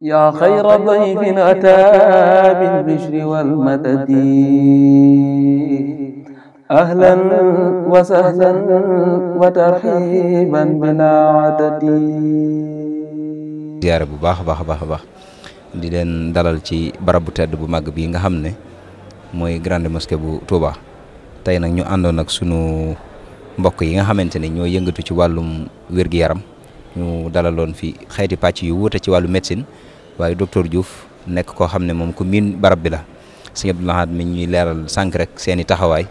yaa xayra dayfin ataa bil bishri wal madadi ahlan wa sahlan wa tarxiiban bilaa adadi bu baax a baax a baax a baax di leen dalal ci barab bu tedd bu màgg bii nga xam ne mooy grande mosquée bu Touba tey nag ñu àndoon nag sunu mbokk yi nga xamante ne ñoo yëngatu ci wàllum wér yaram ñu dalaloon fi xeeti pàcc yu wuute ci wàllu médecine waaye docteur Diouf nekk koo xam ne moom ku miin barab bi la sëñ Abdou Lahad ñuy leeral sànq rek seen i taxawaay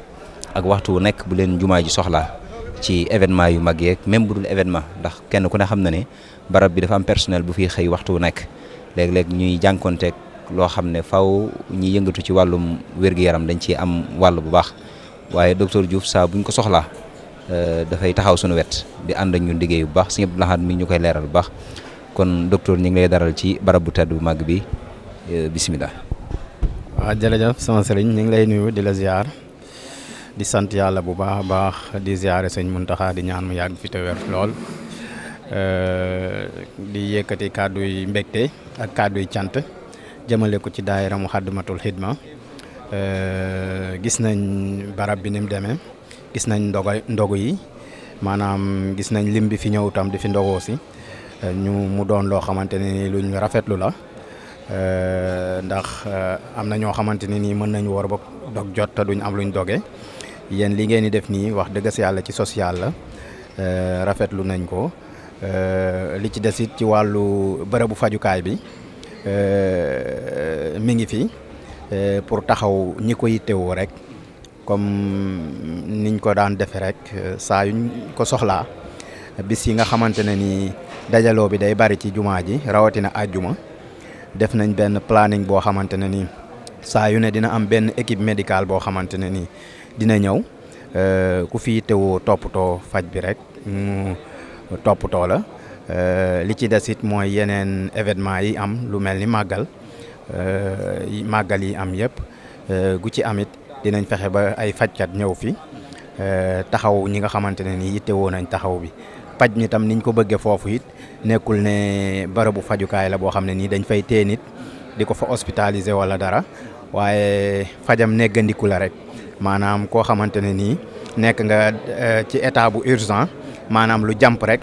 ak waxtu wu nekk bu leen jumaa ji soxla ci événement yu mag yeeg même bu dul événement ndax kenn ku ne xam na ne barab bi dafa am personnel bu fiy xëy waxtu wu nekk léeg-léeg ñuy jànkonteeg loo xam ne faw ñi yëngatu ci wàllum wér yaram dañ ciy am wàll bu baax waaye docteur Diouf saa buñ ko soxlaa Euh, dafay taxaw suñu wet di ànd ak ñun liggéey bu baax sëñ Abdou Lahad mi ñu koy leeral bu baax kon docteur ñu ngi lay daral ci barab bu tedd bu màgg bi euh, bisimilah. waaw jërëjëf sama sëriñ ñu ngi lay nuyu di la ziar di sant yàlla bu baax a baax di ziare sëñ Muntaxa di ñaan mu yàgg fi te lool. Euh, di yëkkati kàddu yi ak kàddu yi cant jëmale ko ci daayira Muxaddamatul Xidma gis nañ barab bi ni mu demee. gis nañ ndoga ndogu yi maanaam gis nañ lim bi fi ñëw tam di fi ndogoo si ñu mu doon loo xamante ne ni luñ rafetlu la euh, ndax euh, am na ñoo xamante ne nii mën nañ war ba dog jot te duñ am luñ doge yéen li ngeen di def nii wax dëgg si yàlla ci social la euh, rafetlu nañ ko li ci des it ci wàllu bërëbu fajukaay bi mi ngi fi pour taxaw ñi ko yittewoo rek. comme niñ ko daan defe rek saa yuñ ko soxlaa bis yi nga xamante ne ni dajaloo bi day bari ci jumaa ji rawatina àjjuma def nañ benn planning boo xamante ne ni saa yu ne dina am benn équipe médicale boo xamante ne ni dina ñëw euh, ku fi teewoo toppatoo faj bi rek mu toppatoo la euh, li ci des it mooy yeneen événement yi am lu mel ni màggal euh, màggal yi am yëpp gu ci amit dinañ fexe ba ay fajkat ñëw fi eh, taxaw ñi nga xamante ne nii yittewoo nañ taxaw bi paj mi tam niñ ko bëggee foofu it nekkul ne barabu fajukaay la boo xam ne nii dañ fay tee nit di ko fa hospitaliser wala dara waaye fajam neggandiku la rek maanaam koo xamante ne nii nekk nga eh, ci état bu urgent maanaam lu jàmp rek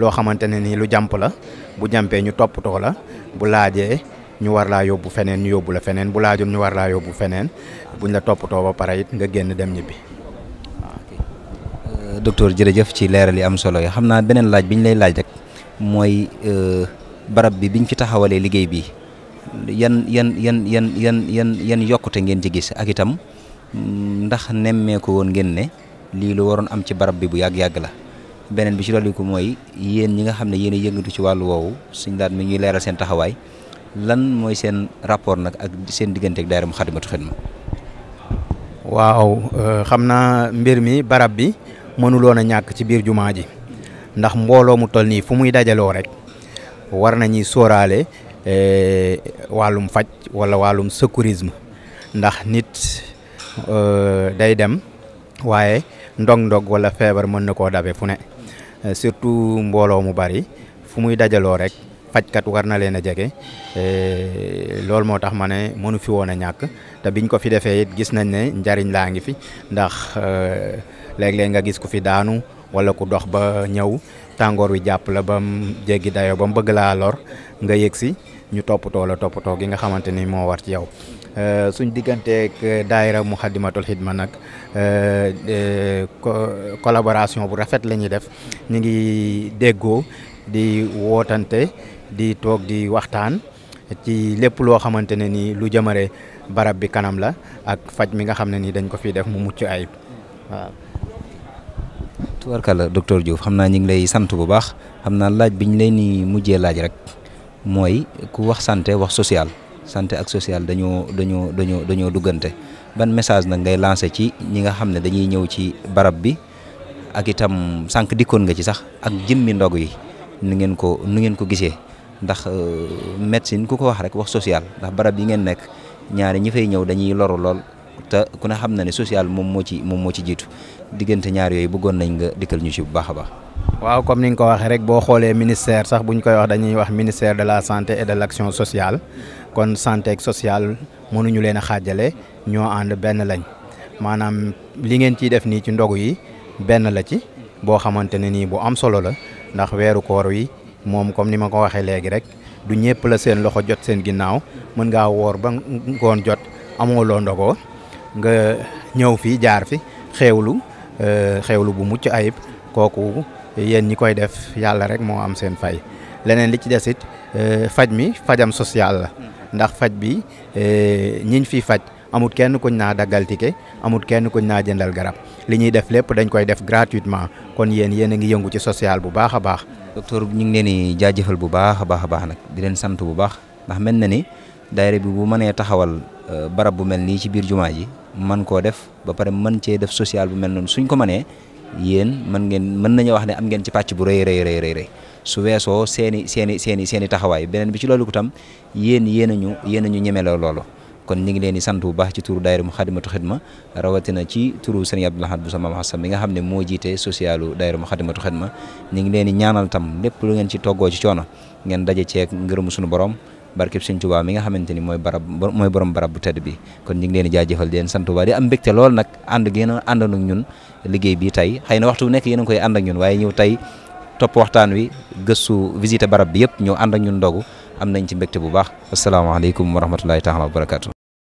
loo xamante ne nii lu jàmp la bu jàmpee ñu toppatoo la bu laajee ñu warlaa laa yóbbu feneen ñu yóbbu la feneen bu laajul ñu war yóbbu feneen buñ la toppatoo ba pare it nga génn dem ñibbi. Ah, euh, docteur jërëjëf ci leeral yi am solo yi xam naa beneen laaj bi ñu lay laaj rek mooy euh, barab bi biñ fi taxawalee liggéey bi yan yan yan yan yan yan yan yokkute ngeen ci gis ak itam mm, ndax nemmeeku woon ngeen ne lii lu waroon am ci barab bi bu yàgg-yàgg la beneen bi ci dolliku mooy yéen ñi nga xam ne yéen a yëngatu ci wàllu woowu suñ daat mi ngi leeral seen taxawaay lan mooy seen rapport nag ak seen diggante ak daayira Moukhaddamatoul Khidma waaw euh, xam naa mbir mi barab bi mënuloon a ñàkk ci biir juma ji ndax mbooloo mu toll nii fu muy dajaloo rek war nañuy sóoraale euh, wàllum faj wala wàllum secourisme ndax nit euh, day dem waaye ndog-ndog wala feebar mën na koo dabe fu ne surtout mbooloo mu bari fu muy dajaloo rek. fajkat war na leen a jege e, loolu moo tax ma ne mënu fi woon a ñàkk te biñ ko fi defee it gis nañ ne njariñ laa ngi fi ndax e, léeg-léeg nga gis ku fi daanu wala ku dox ba ñëw tàngoor wi jàpp la ba mu jéggi dayoo ba mu bëgg laa lor nga yëg si ñu toppatoo la toppatoo gi nga xamante ni moo war ci yow. E, suñ digganteeg daayira Muxaddamatul Xidma nag collaboration bu rafet la ñuy def ñu ngi déggoo di wootante. di toog di waxtaan ci lépp loo xamante ne nii lu jëmare barab bi kanam la ak faj mi nga xam ne nii dañ ko fi def mu mucc ayib waaw. tubarkalla docteur Diouf xam naa ñu ngi lay sant bu baax xam naa laaj bi ñu lay nii mujjee laaj rek mooy ku wax sante wax social santé ak sociale dañoo dañoo dañoo dañoo duggante ban message nag ngay lancé ci ñi nga xam ne dañuy ñëw ci barab bi ak itam sànq dikkoon nga ci sax ak jëmmi ndog yi nu ngeen ko nu ngeen ko gisee. ndax euh, médecine ku ko wax rek wax social ndax barab yi ngeen nekk ñaari ñi fay ñëw dañuy loru lool te ku ne xam na ne social moom moo ci moom moo ci jiitu diggante ñaar yooyu bëggoon nañ nga dikkal ñu ci bu baax a baax. waaw comme ni nga ko waxee rek boo xoolee ministère sax bu ñu koy wax dañuy wax ministère de la santé et de l'action sociale kon santé ak sociale mënuñu leen a xaajale ñoo ànd benn lañ maanaam li ngeen ciy def nii ci ndogu yi benn la ci boo xamante ne nii bu am solo la ndax weeru koor yi moom comme ni ma ko waxee léegi rek du ñëpp la seen loxo jot seen ginnaaw mën ngaa woor ba ngoon jot amoo loo ndogoo nga ñëw fi jaar fi xeewlu euh, xeewlu bu mucc ayib kooku yéen ñi koy def yàlla rek moo am seen fay leneen li ci des it euh, faj mi fajam social la ndax faj bi euh, ñiñ fi faj amut kenn kuñ naa daggal ticket amut kenn kuñ naa jëndal garab li ñuy def lépp dañ koy def gratuitement kon yéen yéen a ngi yëngu ci social bu baax a baax docteur ñu ngi leen di jaajëfal bu baax a baax a baax nag di leen sant bu baax ndax mel na ni daayira bi bu manee taxawal euh, barab bu mel nii ci biir jumaa ji man koo def ba pare mën cee def social bu mel noonu suñ ko mënee yéen mën ngeen mën nañoo wax ne am ngeen ci pàcc bu rëy rëy rëy su weesoo seeni seeni seeni seeni taxawaay beneen bi ci loolu ko tam yéen yéen a ñu yéen a ñu ñeme loolu kon ñu ngi leen di sant bu baax ci turu daayira Muxaddamatul Xidma rawatina ci turu sëriñ Abdou Lahad bu sama maam Xasan mi nga xam ne moo jiite socialu daayira Muxaddamatul Xidma ñu ngi leen di ñaanal tam lépp lu ngeen ci toggoo ci coono ngeen daje ceeg ngërëmu suñu borom barkeb sëriñ Tuubaa mi nga xamante ni mooy barab mooy borom barab bu tedd bi kon ñu ngi leen di jaajëfal di leen sant bu baax di am mbégte lool nag ànd ngeen àndoon ak ñun liggéey bi tey xëy na waxtu nekk yéen a koy ànd ak ñun waaye ñëw tey topp waxtaan wi gëstu visité barab bi yëpp ñëw ànd ak ñun ndogu am nañ ci mbégte bu baax asalaamaaleykum wa rahmatullahi taala wa